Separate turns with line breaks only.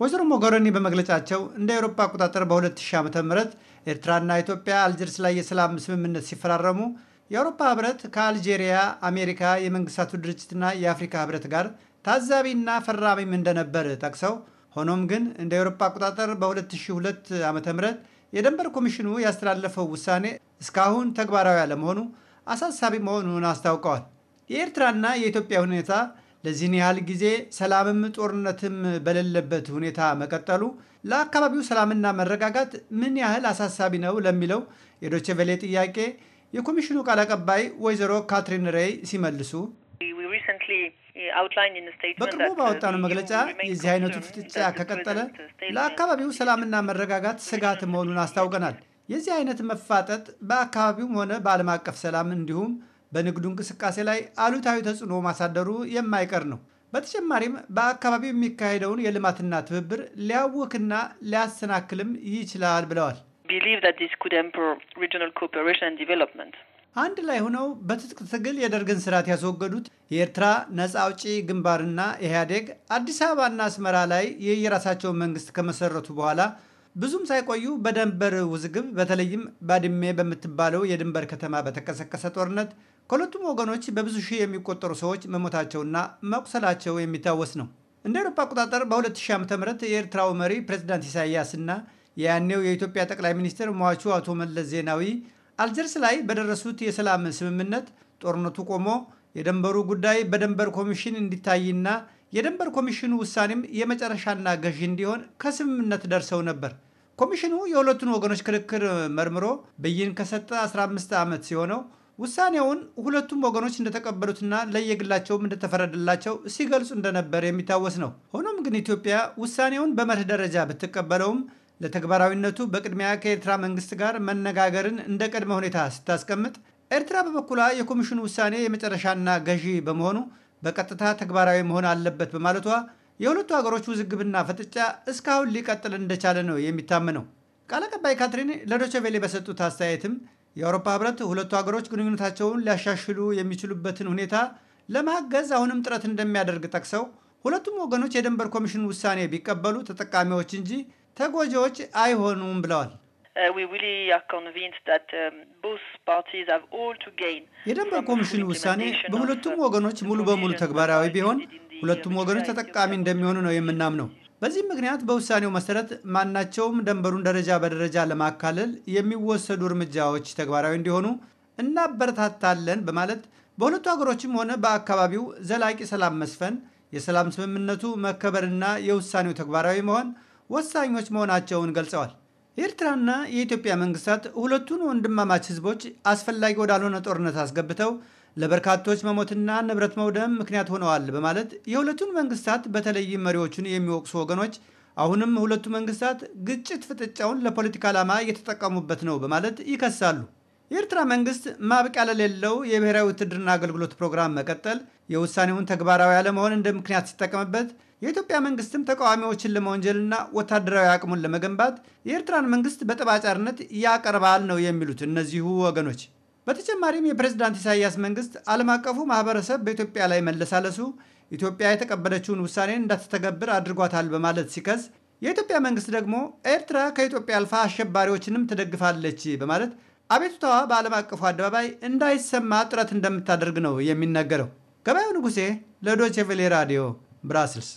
ወይዘሮ ሞገሪኒ በመግለጫቸው እንደ አውሮፓ አቆጣጠር በ2000 ዓ ም ኤርትራና ኢትዮጵያ አልጀርስ ላይ የሰላም ስምምነት ሲፈራረሙ የአውሮፓ ህብረት ከአልጄሪያ፣ አሜሪካ፣ የመንግስታቱ ድርጅትና የአፍሪካ ህብረት ጋር ታዛቢና ፈራሚም እንደነበር ጠቅሰው ሆኖም ግን እንደ አውሮፓ አቆጣጠር በ2002 ዓ ም የደንበር ኮሚሽኑ ያስተላለፈው ውሳኔ እስካሁን ተግባራዊ አለመሆኑ አሳሳቢ መሆኑን አስታውቀዋል። የኤርትራና የኢትዮጵያ ሁኔታ ለዚህን ያህል ጊዜ ሰላምም ጦርነትም በሌለበት ሁኔታ መቀጠሉ ለአካባቢው ሰላምና መረጋጋት ምን ያህል አሳሳቢ ነው ለሚለው የዶቼ ቬሌ ጥያቄ የኮሚሽኑ ቃል አቀባይ ወይዘሮ ካትሪን ሬይ ሲመልሱ በቅርቡ ባወጣነው መግለጫ የዚህ አይነቱ ፍጥጫ ከቀጠለ ለአካባቢው ሰላምና መረጋጋት ስጋት መሆኑን አስታውቀናል። የዚህ አይነት መፋጠጥ በአካባቢውም ሆነ በዓለም አቀፍ ሰላም እንዲሁም በንግዱ እንቅስቃሴ ላይ አሉታዊ ተጽዕኖ ማሳደሩ የማይቀር ነው። በተጨማሪም በአካባቢው የሚካሄደውን የልማትና ትብብር ሊያውክና ሊያሰናክልም ይችላል ብለዋል። አንድ ላይ ሆነው በትጥቅ ትግል የደርግን ስርዓት ያስወገዱት የኤርትራ ነፃ አውጪ ግንባርና ኢህአዴግ አዲስ አበባና አስመራ ላይ የየራሳቸውን መንግስት ከመሰረቱ በኋላ ብዙም ሳይቆዩ በደንበር ውዝግብ በተለይም ባድሜ በምትባለው የድንበር ከተማ በተቀሰቀሰ ጦርነት ከሁለቱም ወገኖች በብዙ ሺህ የሚቆጠሩ ሰዎች መሞታቸውና መቁሰላቸው የሚታወስ ነው። እንደ አውሮፓ አቆጣጠር በ2000 ም የኤርትራው መሪ ፕሬዚዳንት ኢሳያስና የያኔው የኢትዮጵያ ጠቅላይ ሚኒስትር ሟቹ አቶ መለስ ዜናዊ አልጀርስ ላይ በደረሱት የሰላም ስምምነት ጦርነቱ ቆሞ የደንበሩ ጉዳይ በደንበር ኮሚሽን እንዲታይና የድንበር ኮሚሽኑ ውሳኔም የመጨረሻና ገዢ እንዲሆን ከስምምነት ደርሰው ነበር። ኮሚሽኑ የሁለቱን ወገኖች ክርክር መርምሮ ብይን ከሰጠ 15 ዓመት ሲሆነው ውሳኔውን ሁለቱም ወገኖች እንደተቀበሉትና ለየግላቸውም እንደተፈረደላቸው ሲገልጹ እንደነበር የሚታወስ ነው። ሆኖም ግን ኢትዮጵያ ውሳኔውን በመርህ ደረጃ ብትቀበለውም ለተግባራዊነቱ በቅድሚያ ከኤርትራ መንግስት ጋር መነጋገርን እንደ ቅድመ ሁኔታ ስታስቀምጥ፣ ኤርትራ በበኩሏ የኮሚሽኑ ውሳኔ የመጨረሻና ገዢ በመሆኑ በቀጥታ ተግባራዊ መሆን አለበት በማለቷ የሁለቱ ሀገሮች ውዝግብና ፍጥጫ እስካሁን ሊቀጥል እንደቻለ ነው የሚታመነው። ቃል አቀባይ ካትሪን ለዶቸቬሌ በሰጡት አስተያየትም የአውሮፓ ህብረት ሁለቱ ሀገሮች ግንኙነታቸውን ሊያሻሽሉ የሚችሉበትን ሁኔታ ለማገዝ አሁንም ጥረት እንደሚያደርግ ጠቅሰው ሁለቱም ወገኖች የድንበር ኮሚሽን ውሳኔ ቢቀበሉ ተጠቃሚዎች እንጂ ተጎጂዎች አይሆኑም ብለዋል። Uh, we really um, ኮሚሽን ውሳኔ በሁለቱም ወገኖች ሙሉ በሙሉ ተግባራዊ ቢሆን ሁለቱም ወገኖች ተጠቃሚ እንደሚሆኑ ነው የምናምነው። በዚህ ምክንያት በውሳኔው መሰረት ማናቸውም ደንበሩን ደረጃ በደረጃ ለማካለል የሚወሰዱ እርምጃዎች ተግባራዊ እንዲሆኑ እናበረታታለን በማለት በሁለቱ ሀገሮችም ሆነ በአካባቢው ዘላቂ ሰላም መስፈን፣ የሰላም ስምምነቱ መከበርና የውሳኔው ተግባራዊ መሆን ወሳኞች መሆናቸውን ገልጸዋል። ኤርትራና የኢትዮጵያ መንግስታት ሁለቱን ወንድማማች ህዝቦች አስፈላጊ ወዳልሆነ ጦርነት አስገብተው ለበርካቶች መሞትና ንብረት መውደም ምክንያት ሆነዋል በማለት የሁለቱን መንግስታት በተለይም መሪዎቹን የሚወቅሱ ወገኖች አሁንም ሁለቱ መንግስታት ግጭት ፍጥጫውን ለፖለቲካ ዓላማ እየተጠቀሙበት ነው በማለት ይከሳሉ። የኤርትራ መንግስት ማብቂያ ለሌለው የብሔራዊ ውትድርና አገልግሎት ፕሮግራም መቀጠል የውሳኔውን ተግባራዊ አለመሆን እንደ ምክንያት ሲጠቀምበት የኢትዮጵያ መንግስትም ተቃዋሚዎችን ለመወንጀልና ወታደራዊ አቅሙን ለመገንባት የኤርትራን መንግስት በጠባጫርነት ያቀርባል ነው የሚሉት እነዚሁ ወገኖች። በተጨማሪም የፕሬዝዳንት ኢሳያስ መንግስት ዓለም አቀፉ ማህበረሰብ በኢትዮጵያ ላይ መለሳለሱ ኢትዮጵያ የተቀበለችውን ውሳኔ እንዳትተገብር አድርጓታል በማለት ሲከስ፣ የኢትዮጵያ መንግስት ደግሞ ኤርትራ ከኢትዮጵያ አልፋ አሸባሪዎችንም ትደግፋለች በማለት አቤቱታዋ በዓለም አቀፉ አደባባይ እንዳይሰማ ጥረት እንደምታደርግ ነው የሚነገረው። ገበያው ንጉሴ ለዶቼ ቬሌ ራዲዮ ብራስልስ